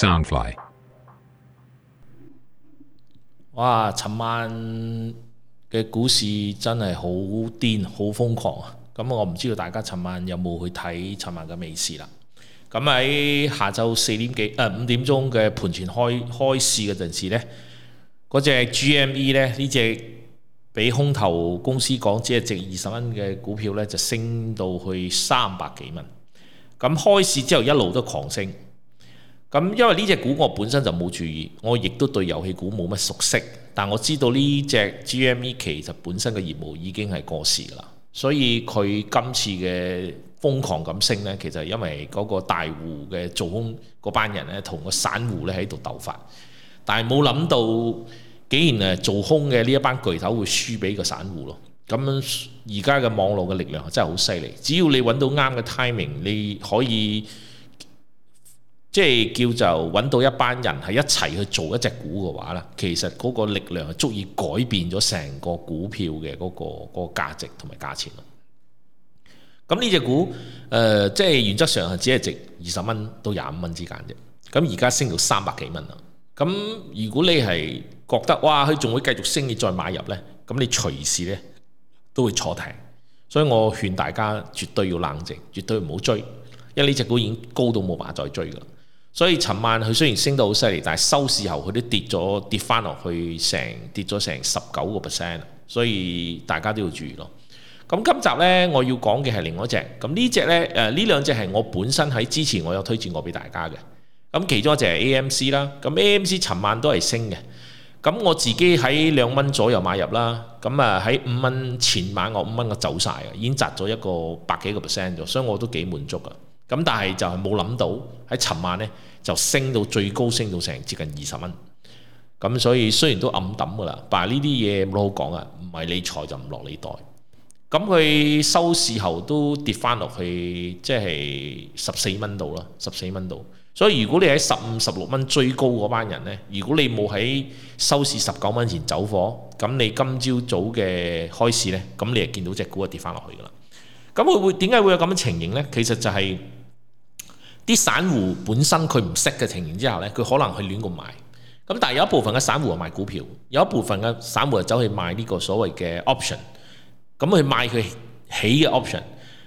Soundfly，哇！尋晚嘅股市真係好癲，好瘋狂啊！咁我唔知道大家尋晚有冇去睇尋晚嘅美市啦。咁喺下晝四點幾誒、啊、五點鐘嘅盤前開開市嗰陣時咧，嗰隻 GME 呢，呢隻俾空頭公司講，只係值二十蚊嘅股票呢，就升到去三百幾蚊。咁開市之後一路都狂升。咁因為呢隻股我本身就冇注意，我亦都對遊戲股冇乜熟悉，但我知道呢隻 GME 其實本身嘅業務已經係過時㗎啦，所以佢今次嘅瘋狂咁升呢，其實係因為嗰個大戶嘅做空嗰班人呢，同個散戶呢喺度鬥法，但係冇諗到，既然誒做空嘅呢一班巨頭會輸俾個散戶咯，咁而家嘅網絡嘅力量真係好犀利，只要你揾到啱嘅 timing，你可以。即係叫就揾到一班人係一齊去做一隻股嘅話呢，其實嗰個力量係足以改變咗成個股票嘅嗰個個價值同埋價錢咯。咁呢隻股誒、呃，即係原則上係只係值二十蚊到廿五蚊之間啫。咁而家升到三百幾蚊啦。咁如果你係覺得哇，佢仲會繼續升，你再買入呢，咁你隨時呢都會坐艇。所以我勸大家絕對要冷靜，絕對唔好追，因為呢隻股已經高到冇辦法再追噶啦。所以尋晚佢雖然升得好犀利，但係收市後佢都跌咗，跌翻落去成跌咗成十九個 percent，所以大家都要注意咯。咁今集呢，我要講嘅係另外一隻。咁呢隻呢，誒、啊、呢兩隻係我本身喺之前我有推薦過俾大家嘅。咁其中一隻係 AMC 啦。咁 AMC 尋晚都係升嘅。咁我自己喺兩蚊左右買入啦。咁啊喺五蚊前晚我五蚊我走晒㗎，已經賺咗一個百幾個 percent 咗，所以我都幾滿足噶。.咁但係就係冇諗到喺尋晚呢就升到最高，升到成接近二十蚊。咁所以雖然都暗淡噶啦，但係呢啲嘢冇好講啊，唔係你財就唔落你袋。咁佢收市後都跌翻落去，即係十四蚊度啦，十四蚊度。所以如果你喺十五、十六蚊最高嗰班人呢，如果你冇喺收市十九蚊前走火，咁你今朝早嘅開市呢，咁你就見到隻股啊跌翻落去噶啦。咁佢會點解會有咁樣情形呢？其實就係、是。啲散戶本身佢唔識嘅情形之下呢，佢可能去亂咁買。咁但係有一部分嘅散戶係買股票，有一部分嘅散戶就走去買呢個所謂嘅 option, option。咁去買佢起嘅 option。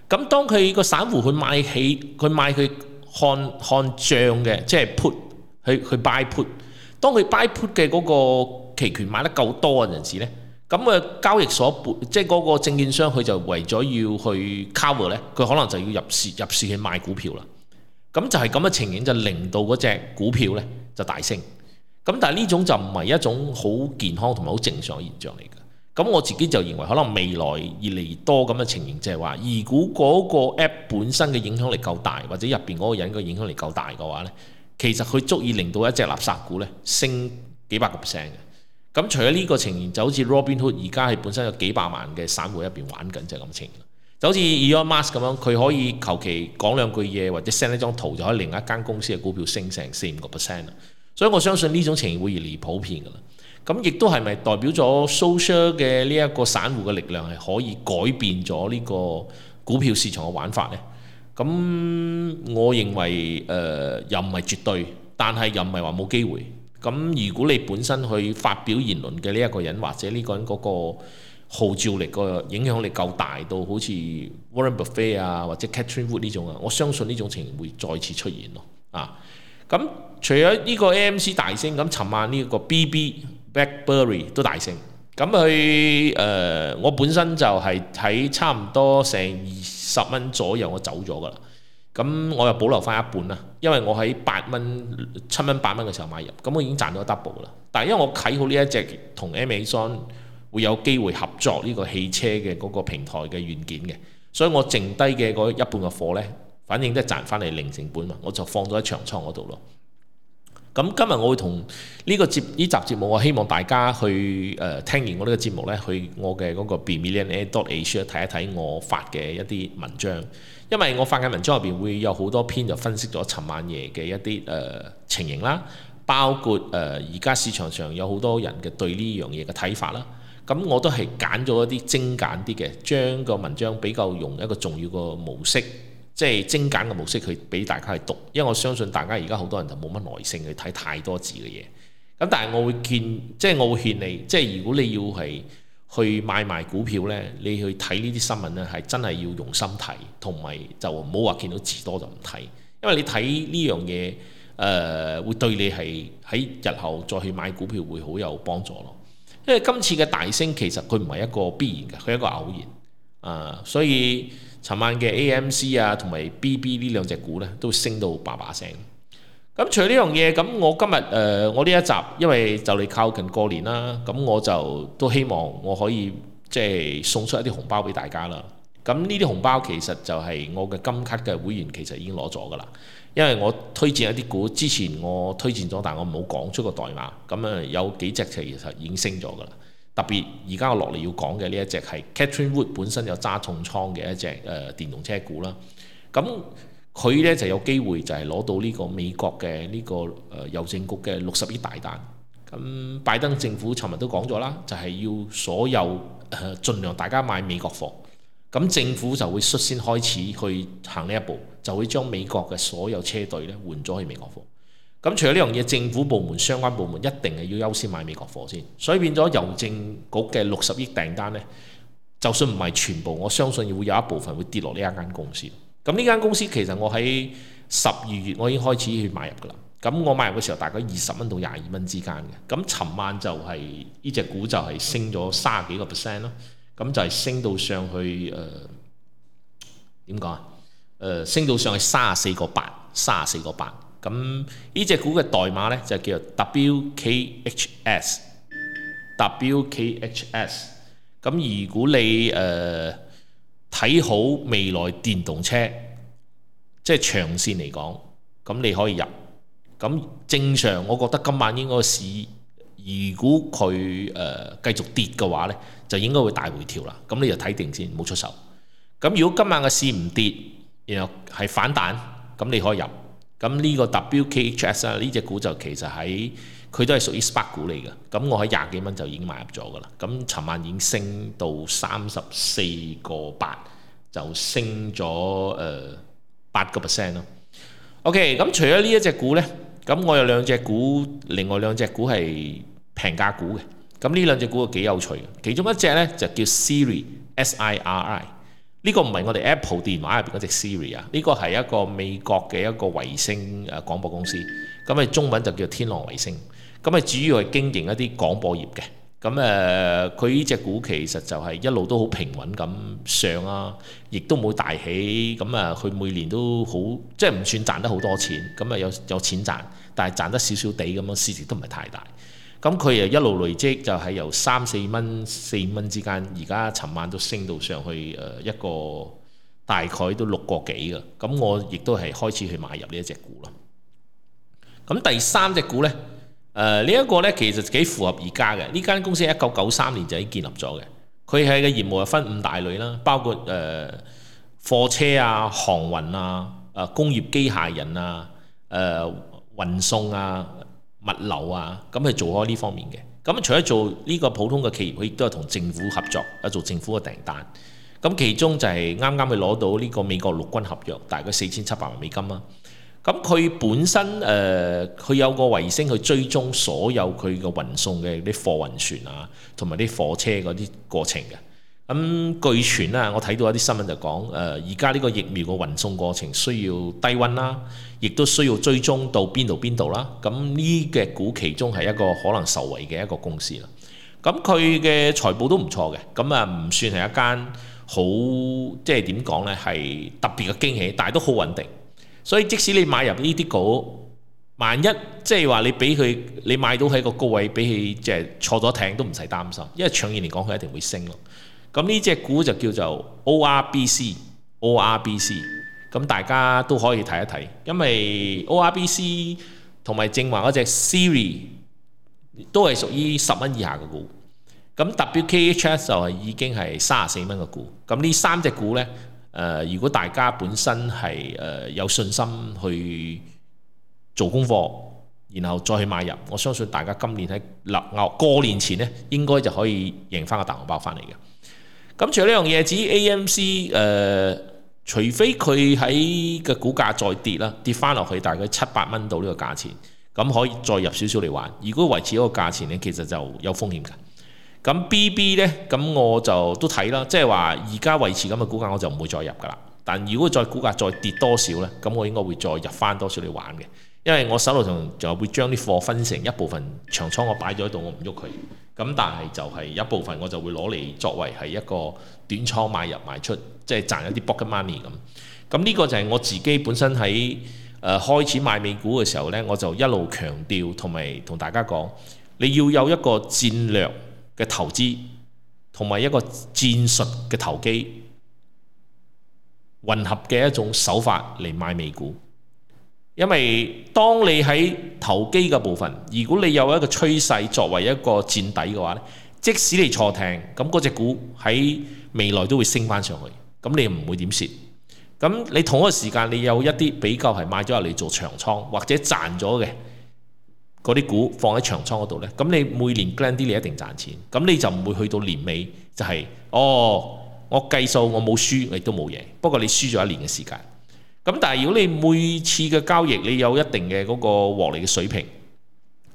咁當佢個散戶去買起，佢買佢看看漲嘅，即係 put 去去 buy put。當佢 buy put 嘅嗰個期權買得夠多嘅陣時呢，咁啊交易所即係嗰個證券商佢就為咗要去 cover 呢，佢可能就要入市入市去賣股票啦。咁就係咁嘅情形，就令到嗰隻股票呢就大升。咁但係呢種就唔係一種好健康同埋好正常嘅現象嚟嘅。咁我自己就認為，可能未來越嚟越多咁嘅情形，即係話，如果嗰個 app 本身嘅影響力夠大，或者入面嗰個人嘅影響力夠大嘅話呢，其實佢足以令到一隻垃圾股呢升幾百個 percent 嘅。咁除咗呢個情形，就好似 Robinhood 而家係本身有幾百萬嘅散戶入面玩緊，就咁嘅情形。就好似 Elon Musk 咁樣，佢可以求其講兩句嘢或者 send 一張圖，就可以另一間公司嘅股票升成四五個 percent 啦。所以我相信呢種情形會而越嚟越普遍噶啦。咁亦都係咪代表咗 social 嘅呢一個散戶嘅力量係可以改變咗呢個股票市場嘅玩法呢？咁我認為誒、呃、又唔係絕對，但係又唔係話冇機會。咁如果你本身去發表言論嘅呢一個人或者呢個人嗰、嗰個，，號召力、個影響力夠大到好似 Warren Buffett 啊，或者 Catherine Wood 呢種啊，我相信呢種情形會再次出現咯。啊，咁除咗呢個 AMC 大升，咁尋晚呢個 BB BlackBerry 都大升。咁佢誒，我本身就係睇差唔多成二十蚊左右，我走咗噶啦。咁我又保留翻一半啦，因為我喺八蚊、七蚊、八蚊嘅時候買入，咁我已經賺到 double 啦。但係因為我睇好呢一隻同 Amazon。會有機會合作呢個汽車嘅嗰個平台嘅軟件嘅，所以我剩低嘅嗰一半嘅貨呢，反正都係賺翻嚟零成本嘛。我就放咗喺長倉嗰度咯。咁今日我會同呢個節呢集節目，我希望大家去誒、呃、聽完我呢個節目呢，去我嘅嗰個 billionairage 睇一睇我發嘅一啲文章，因為我發嘅文章入邊會有好多篇就分析咗尋晚夜嘅一啲誒、呃、情形啦，包括誒而家市場上有好多人嘅對呢樣嘢嘅睇法啦。咁我都係揀咗一啲精簡啲嘅，將個文章比較用一個重要個模式，即係精簡嘅模式去俾大家去讀。因為我相信大家而家好多人就冇乜耐性去睇太多字嘅嘢。咁但係我會見，即係我會勸你，即係如果你要係去買賣股票呢，你去睇呢啲新聞呢，係真係要用心睇，同埋就唔好話見到字多就唔睇。因為你睇呢樣嘢，誒會對你係喺日後再去買股票會好有幫助咯。因為今次嘅大升其實佢唔係一個必然嘅，佢係一個偶然啊，所以尋晚嘅 AMC 啊同埋 BB 呢兩隻股呢，都升到叭叭聲。咁除咗呢樣嘢，咁我今日誒、呃、我呢一集，因為就嚟靠近過年啦，咁我就都希望我可以即係、就是、送出一啲紅包俾大家啦。咁呢啲紅包其實就係我嘅金卡嘅會員，其實已經攞咗㗎啦。因為我推薦一啲股之前我推薦咗，但係我冇講出個代碼。咁啊，有幾隻其實已經升咗㗎啦。特別而家我落嚟要講嘅呢一隻係 Catherine Wood 本身有揸重倉嘅一隻誒、呃、電動車股啦。咁佢呢就有機會就係攞到呢個美國嘅呢、呢個誒、呃、郵政局嘅六十億大單。咁拜登政府尋日都講咗啦，就係、係、要所有、呃、盡量大家買美國貨。咁政府就會率先開始去行呢一步，就會將美國嘅所有車隊咧換咗去美國貨。咁除咗呢樣嘢，政府部門相關部門一定係要優先買美國貨先。所以變咗郵政局嘅六十億訂單呢，就算唔係全部，我相信會有一部分會跌落呢一間公司。咁呢間公司其實我喺十二月我已經開始去買入㗎啦。咁我買入嘅時候大概二十蚊到廿二蚊之間嘅。咁尋晚就係呢隻股就係升咗三十幾個 percent 咯。咁就係升到上去，誒點講啊？誒、呃、升到上去三十四個八，三十四個八。咁呢隻股嘅代碼咧就叫做 WKHS，WKHS WKHS。咁如果你誒睇、呃、好未來電動車，即係長線嚟講，咁你可以入。咁正常，我覺得今晚應該市。如果佢誒繼續跌嘅話呢，就應該會大回調啦。咁你就睇定先看看，冇出手。咁如果今晚嘅市唔跌，然後係反彈，咁你可以入。咁呢個 WKHS 啊，呢隻股就其實喺佢都係屬於 SPAC 股嚟嘅。咁我喺廿幾蚊就已經買入咗噶啦。咁尋晚已經升到三十四個八，就升咗誒八個 percent 咯。OK，咁除咗呢一隻股呢，咁我有兩隻股，另外兩隻股係。平價股嘅咁呢兩隻股啊幾有趣其中一隻呢，就叫 Siri S I R I 呢個唔係我哋 Apple 電話入邊嗰隻 Siri 啊，呢個係一個美國嘅一個衛星誒廣播公司咁啊，中文就叫天狼衛星咁啊，咪主要係經營一啲廣播業嘅咁誒。佢呢隻股其實就係一路都好平穩咁上啊，亦都冇大起咁啊。佢每年都好即係唔算賺得好多錢咁啊，有有錢賺，但係賺得少少地。咁樣，市值都唔係太大。咁佢又一路累積就3，就係由三四蚊、四蚊之間，而家尋晚都升到上去，誒一個大概都六個幾嘅。咁我亦都係開始去買入呢一隻股咯。咁第三隻股呢，誒呢一個呢，其實幾符合而家嘅呢間公司，一九九三年就已經建立咗嘅。佢喺嘅業務係分五大類啦，包括誒、呃、貨車啊、航運啊、誒工業機械人啊、誒、呃、運送啊。物流啊，咁佢做開呢方面嘅。咁除咗做呢個普通嘅企業，佢亦都係同政府合作，有做政府嘅訂單。咁其中就係啱啱佢攞到呢個美國陸軍合約，大概四千七百萬美金啊。咁佢本身，呃，佢有個衛星去追蹤所有佢嘅運送嘅啲貨運船啊，同埋啲貨車嗰啲過程嘅。咁據傳啦，我睇到一啲新聞就講，誒而家呢個疫苗嘅運送過程需要低溫啦，亦都需要追蹤到邊度邊度啦。咁呢嘅股其中係一個可能受惠嘅一個公司啦。咁佢嘅財報都唔錯嘅，咁啊唔算係一間好即係點講呢？係特別嘅驚喜，但係都好穩定。所以即使你買入呢啲股，萬一即係話你俾佢，你買到喺個高位，俾佢即係坐咗艇都唔使擔心，因為長遠嚟講佢一定會升咯。咁呢隻股就叫做 ORBC，ORBC，咁大家都可以睇一睇，因為 ORBC 同埋正話嗰隻 Siri 都係屬於十蚊以下嘅股，咁 WKHS 就係已經係三十四蚊嘅股，咁呢三隻股呢，誒、呃、如果大家本身係誒、呃、有信心去做功課，然後再去買入，我相信大家今年喺立歐過年前呢，應該就可以贏翻個大紅包翻嚟嘅。咁除咗呢樣嘢，至於 AMC，誒、呃，除非佢喺個股價再跌啦，跌翻落去大概七百蚊度呢個價錢，咁可以再入少少嚟玩。如果維持嗰個價錢咧，其實就有風險㗎。咁 BB 呢，咁我就都睇啦，即係話而家維持咁嘅股價，我就唔會再入㗎啦。但如果再股價再跌多少呢？咁我應該會再入翻多少嚟玩嘅，因為我手頭上就會將啲貨分成一部分長倉我放在裡，我擺咗喺度，我唔喐佢。咁但係就係一部分，我就會攞嚟作為係一個短倉買入賣出，即係賺一啲 book 嘅 money 咁。咁呢個就係我自己本身喺開始買美股嘅時候咧，我就一路強調同埋同大家講，你要有一個戰略嘅投資，同埋一個戰術嘅投機混合嘅一種手法嚟買美股。因為當你喺投機嘅部分，如果你有一個趨勢作為一個墊底嘅話，即使你坐艇，咁嗰隻股喺未來都會升翻上去，咁你唔會點蝕。咁你同一個時間，你有一啲比較係買咗入嚟做長倉，或者賺咗嘅嗰啲股放喺長倉嗰度咧，咁你每年 gain 啲你一定賺錢，咁你就唔會去到年尾就係、是、哦，我計數我冇輸，你都冇贏，不過你輸咗一年嘅時間。咁但係如果你每次嘅交易你有一定嘅嗰個獲利嘅水平，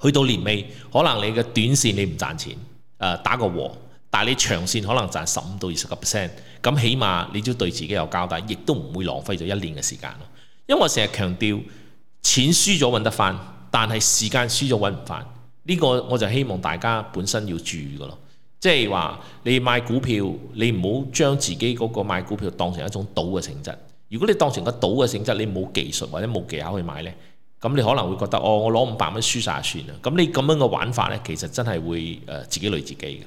去到年尾可能你嘅短線你唔賺錢，呃，打個和，但你長線可能賺十五到二十個 percent，咁起碼你都對自己有交代，亦都唔會浪費咗一年嘅時間咯。因為我成日強調錢輸咗揾得翻，但係時間輸咗揾唔翻，呢、這個我就希望大家本身要注意㗎咯，即係話你買股票，你唔好將自己嗰個買股票當成一種賭嘅性質。如果你當成個賭嘅性質，你冇技術或者冇技巧去買呢，咁你可能會覺得哦，我攞五百蚊輸曬算啦。咁你咁樣嘅玩法呢，其實真係會誒、呃、自己累自己嘅。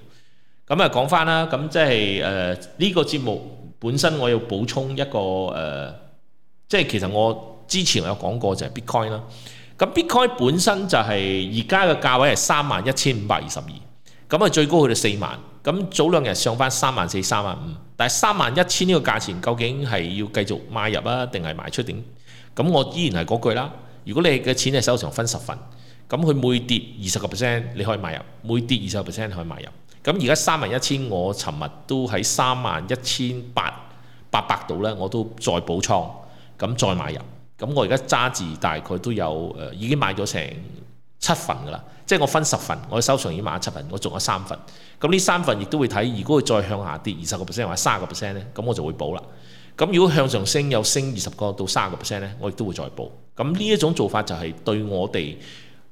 咁啊，講翻啦，咁即係誒呢個節目本身，我要補充一個誒，即、呃、係、就係、其實我之前有講過就係 Bitcoin 啦。咁 Bitcoin 本身就係而家嘅價位係三萬一千五百二十二，咁啊最高去到四萬。咁早兩日上翻三萬四、三萬五。但係三萬一千呢個價錢，究竟係要繼續買入啊，定係賣出點？咁我依然係嗰句啦。如果你嘅錢係手頭上分十份，咁佢每跌二十個 percent 你可以買入，每跌二十個 percent 可以買入。咁而家三萬一千，我尋日都喺三萬一千八八百度咧，我都再補倉，咁再買入。咁我而家揸住大概都有誒，已經買咗成七份㗎啦。即係我分十份，我收場已經買咗七份，我仲有三份。咁呢三份亦都會睇，如果佢再向下跌二十個 percent 或三十個 percent 咧，咁我就會補啦。咁如果向上升有升二十個到三十個 percent 咧，我亦都會再補。咁呢一種做法就係對我哋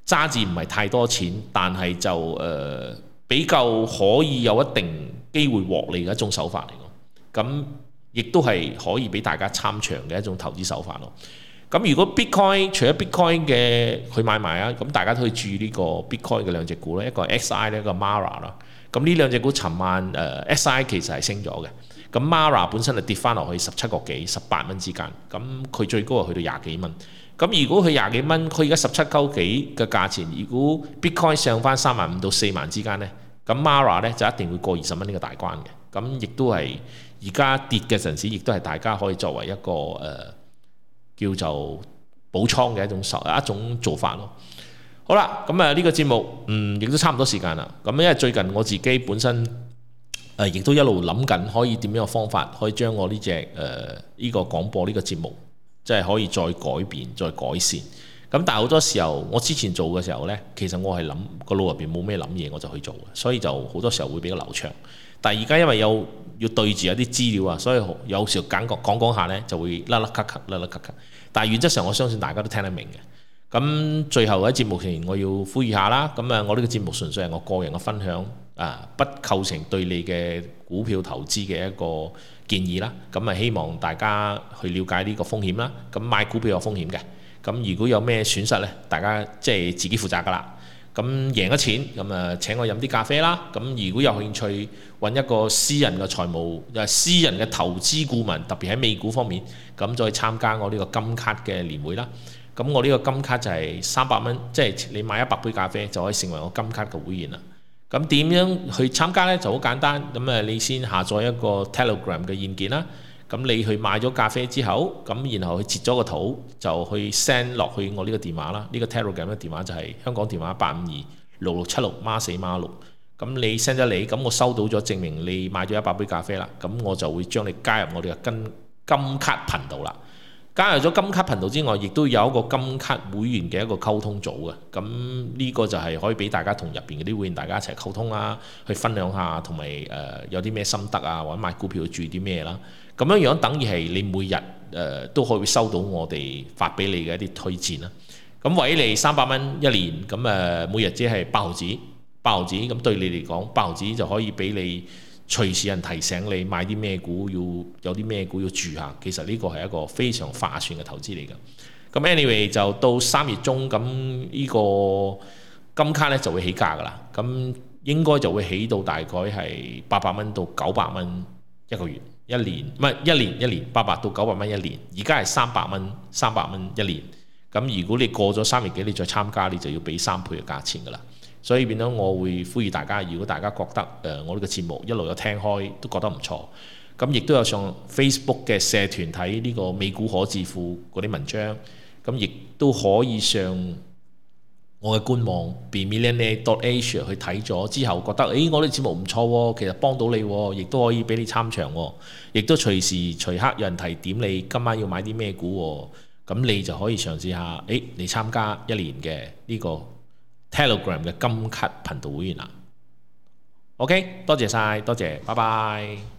揸住唔係太多錢，但係就誒、呃、比較可以有一定機會獲利嘅一種手法嚟㗎。咁亦都係可以俾大家參詳嘅一種投資手法咯。咁如果 Bitcoin 除咗 Bitcoin 嘅佢買賣啊，咁大家都可以注意呢個 Bitcoin 嘅兩隻股咧，一個 SI 咧，一個 Mara 啦。咁呢兩隻股尋晚誒 SI 其實係升咗嘅，咁 Mara 本身就跌翻落去十七個幾十八蚊之間，咁佢最高係去到廿幾蚊。咁如果佢廿幾蚊，佢而家十七九幾嘅價錢，如果 Bitcoin 上翻三萬五到四萬之間咧，咁 Mara 咧就一定會過二十蚊呢個大關嘅。咁亦都係而家跌嘅陣時，亦都係大家可以作為一個誒。叫做補倉嘅一種手，一種做法咯。好啦，咁啊呢個節目嗯亦都差唔多時間啦。咁因為最近我自己本身誒亦都一路諗緊可以點樣嘅方法可以將我呢隻誒呢個廣播呢個節目，即係可以再改變、再改善。咁但係好多時候我之前做嘅時候呢，其實我係諗個腦入邊冇咩諗嘢，我就去做，所以就好多時候會比較流暢。但係而家因為有要對住有啲資料啊，所以有時候感覺講講下呢就會甩甩咳咳甩甩咳咳。但係原則上我相信大家都聽得明嘅。咁最後喺節目前我要呼籲下啦，咁啊我呢個節目純粹係我個人嘅分享啊，不構成對你嘅股票投資嘅一個建議啦。咁啊希望大家去了解呢個風險啦。咁買股票有風險嘅，咁如果有咩損失呢？大家即係、就是、自己負責㗎啦。咁贏咗錢，咁誒請我飲啲咖啡啦。咁如果有興趣揾一個私人嘅財務誒私人嘅投資顧問，特別喺美股方面，咁再參加我呢個金卡嘅年會啦。咁我呢個金卡就係三百蚊，即係你買一百杯咖啡就可以成為我金卡嘅會員啦。咁點樣去參加呢？就好簡單，咁誒你先下載一個 Telegram 嘅軟件啦。咁你去買咗咖啡之後，咁然後去截咗個圖就去 send 落去我呢個電話啦。呢個 Telegram 嘅電話就係香港電話八五二六六七六孖四孖六。咁你 send 咗你，咁我收到咗，證明你買咗一百杯咖啡啦。咁我就會將你加入我哋嘅金金卡頻道啦。加入咗金卡頻道之外，亦都有一個金卡會員嘅一個溝通組嘅。咁呢個就係可以俾大家同入面嗰啲會員大家一齊溝通啦，去分享下同埋呃、有啲咩心得啊，或者買股票要注意啲咩啦。咁樣樣等於係你每日誒、呃、都可以收到我哋發俾你嘅一啲推薦啦。咁為你三百蚊一年，咁誒、呃、每日只係八毫子，八毫子咁對你嚟講，八毫子就可以俾你隨時人提醒你買啲咩股，要有啲咩股要注下。其實呢個係一個非常划算嘅投資嚟嘅。咁 anyway 就到三月中，咁呢個金卡咧就會起價噶啦。咁應該就會起到大概係八百蚊到九百蚊一個月。一年唔係一年，一年八百到九百蚊一年，而家係三百蚊，三百蚊一年。咁如果你過咗三月幾，你再參加，你就要俾三倍嘅價錢噶啦。所以變咗，我會呼籲大家，如果大家覺得誒、呃、我呢個節目一路有聽開，都覺得唔錯。咁亦都有上 Facebook 嘅社團睇呢個美股可致富嗰啲文章，咁亦都可以上，我嘅官網 Bmilliondotasia 去睇咗之後，覺得誒、欸、我啲節目唔錯喎，其實幫到你喎，亦都可以俾你參詳喎，亦都隨時隨刻有人提點你今晚要買啲咩股喎，咁你就可以嘗試下誒、欸，你參加一年嘅呢個 Telegram 嘅金卡頻道會員啊。OK，多謝晒，多謝，拜拜。